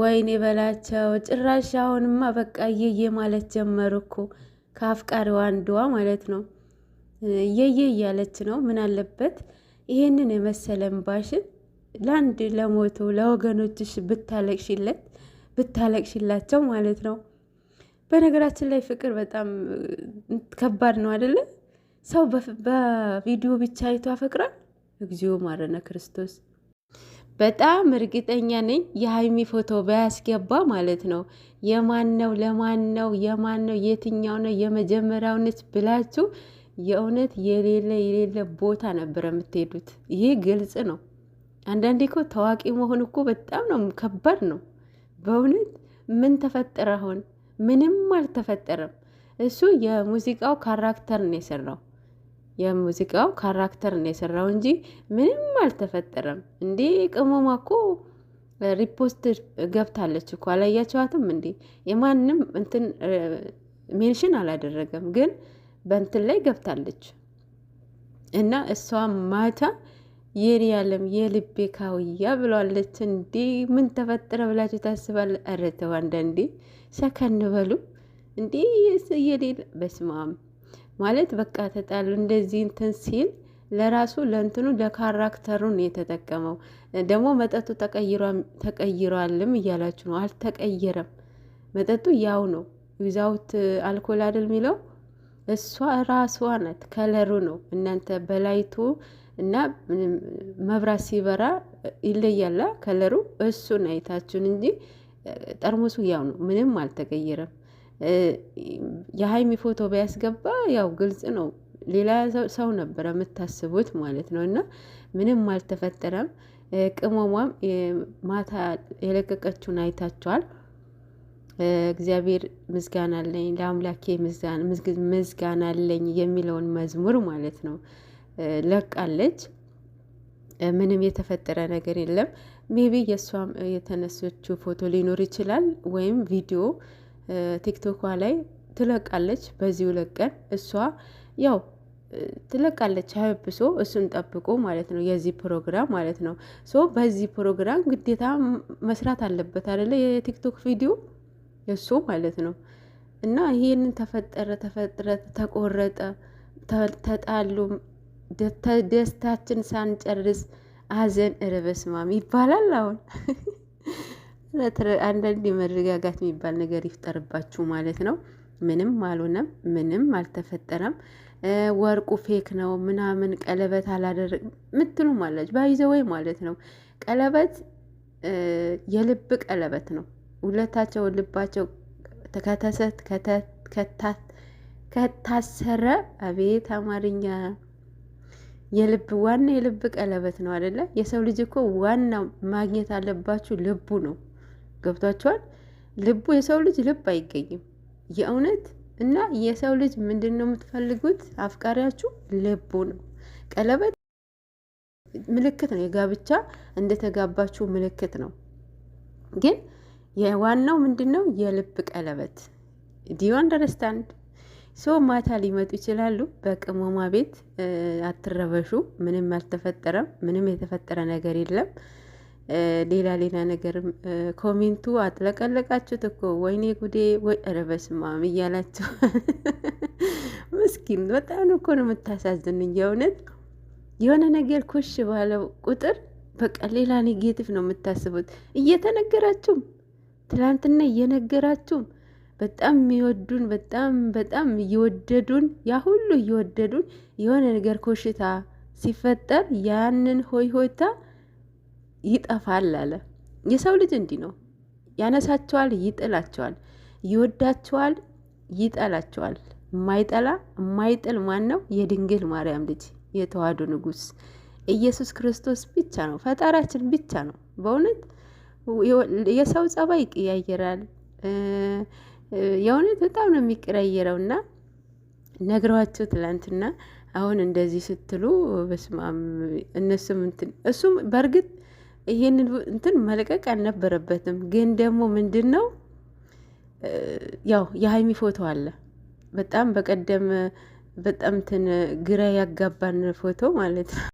ወይኔ በላቸው ጭራሽ አሁንማ በቃ እየየ ማለት ጀመሩ እኮ ከአፍቃሪዋ አንዷ ማለት ነው። እየየ እያለች ነው። ምን አለበት ይሄንን የመሰለ እምባሽን ለአንድ ለሞቱ ለወገኖችሽ ብታለቅሽለት ብታለቅሽላቸው ማለት ነው። በነገራችን ላይ ፍቅር በጣም ከባድ ነው አደለም። ሰው በቪዲዮ ብቻ አይቶ አፈቅራል? እግዚኦ ማረነ ክርስቶስ። በጣም እርግጠኛ ነኝ የሀይሚ ፎቶ ባያስገባ ማለት ነው። የማን ነው ለማን ነው የማን ነው የትኛው ነው የመጀመሪያው ነች ብላችሁ የእውነት የሌለ የሌለ ቦታ ነበር የምትሄዱት። ይሄ ግልጽ ነው። አንዳንዴ እኮ ታዋቂ መሆን እኮ በጣም ነው ከባድ ነው በእውነት። ምን ተፈጠረ አሁን? ምንም አልተፈጠረም። እሱ የሙዚቃው ካራክተር ነው የሰራው የሙዚቃው ካራክተር ነው የሰራው እንጂ ምንም አልተፈጠረም። እንዴ ቅመሟ እኮ ሪፖስት ገብታለች እኮ አላያቸዋትም እንዲ የማንም እንትን ሜንሽን አላደረገም፣ ግን በእንትን ላይ ገብታለች እና እሷ ማታ የኔ ያለም የልቤ ካውያ ብሏለች። እንዴ ምን ተፈጠረ ብላችሁ ታስባል? ኧረ ተው አንዳንዴ ሰከን በሉ እንዴ የሌለ በስማም ማለት በቃ ተጣሉ እንደዚህ እንትን ሲል ለራሱ ለእንትኑ ለካራክተሩ ነው የተጠቀመው። ደግሞ መጠጡ ተቀይሯልም እያላችሁ ነው። አልተቀየረም። መጠጡ ያው ነው። ዊዛውት አልኮል አይደል የሚለው እሷ ራሷ ናት። ከለሩ ነው እናንተ በላይቱ እና መብራት ሲበራ ይለያላ ከለሩ። እሱን አይታችሁን እንጂ ጠርሙሱ ያው ነው። ምንም አልተቀየረም። የሀይሚ ፎቶ ቢያስገባ ያው ግልጽ ነው። ሌላ ሰው ነበረ የምታስቡት ማለት ነው። እና ምንም አልተፈጠረም። ቅመሟም ማታ የለቀቀችውን አይታችኋል። እግዚአብሔር ምስጋና አለኝ ለአምላኬ ምስጋና አለኝ የሚለውን መዝሙር ማለት ነው ለቃለች። ምንም የተፈጠረ ነገር የለም። ሜቢ የእሷም የተነሰችው ፎቶ ሊኖር ይችላል ወይም ቪዲዮ ቲክቶኳ ላይ ትለቃለች። ሁለት ቀን እሷ ያው ትለቃለች ሀብሶ እሱን ጠብቆ ማለት ነው፣ የዚህ ፕሮግራም ማለት ነው። ሶ በዚህ ፕሮግራም ግዴታ መስራት አለበት አይደለ? የቲክቶክ ቪዲዮ እሱ ማለት ነው። እና ይሄንን ተፈጠረ ተፈጥረ ተቆረጠ ተጣሉ ደስታችን ሳንጨርስ አዘን ረበስማም ይባላል አሁን አንዳንድ የመረጋጋት የሚባል ነገር ይፍጠርባችሁ ማለት ነው። ምንም አልሆነም፣ ምንም አልተፈጠረም፣ ወርቁ ፌክ ነው ምናምን ቀለበት አላደረግም ምትሉም አላችሁ። ባይዘወይ ማለት ነው ቀለበት የልብ ቀለበት ነው። ሁለታቸው ልባቸው ከተሰት ከታሰረ አቤት አማርኛ የልብ ዋና የልብ ቀለበት ነው አይደለ? የሰው ልጅ እኮ ዋና ማግኘት አለባችሁ ልቡ ነው። ገብቷቸዋል። ልቡ የሰው ልጅ ልብ አይገኝም የእውነት እና የሰው ልጅ ምንድን ነው የምትፈልጉት? አፍቃሪያችሁ ልቡ ነው። ቀለበት ምልክት ነው፣ የጋብቻ እንደተጋባችሁ ምልክት ነው። ግን የዋናው ምንድን ነው? የልብ ቀለበት ዲዮ አንደርስታንድ ሶ ማታ ሊመጡ ይችላሉ። በቅመማ ቤት አትረበሹ። ምንም አልተፈጠረም። ምንም የተፈጠረ ነገር የለም። ሌላ ሌላ ነገርም ኮሜንቱ አጥለቀለቃችሁት እኮ ወይኔ ጉዴ፣ ወይ ረበስ ማም እያላችሁ ምስኪን በጣም እኮ ነው የምታሳዝኑኝ። የእውነት የሆነ ነገር ኩሽ ባለው ቁጥር በቃ ሌላ ኔጌቲቭ ነው የምታስቡት። እየተነገራችሁም ትላንትና እየነገራችሁም በጣም የሚወዱን በጣም በጣም እየወደዱን ያ ሁሉ እየወደዱን የሆነ ነገር ኮሽታ ሲፈጠር ያንን ሆይ ሆይታ ይጠፋል አለ። የሰው ልጅ እንዲህ ነው። ያነሳቸዋል፣ ይጥላቸዋል። ይወዳቸዋል፣ ይጠላቸዋል። የማይጠላ የማይጥል ማን ነው? የድንግል ማርያም ልጅ የተዋህዶ ንጉስ ኢየሱስ ክርስቶስ ብቻ ነው። ፈጣሪያችን ብቻ ነው። በእውነት የሰው ጸባይ ይቀያየራል። የእውነት በጣም ነው የሚቀያየረው። እና ነግረዋቸው ትላንትና አሁን እንደዚህ ስትሉ በስማም እነሱም እንትን እሱም በእርግጥ ይህንን እንትን መልቀቅ አልነበረበትም። ግን ደግሞ ምንድን ነው ያው የሀይሚ ፎቶ አለ በጣም በቀደም በጣም እንትን ግራ ያጋባን ፎቶ ማለት ነው።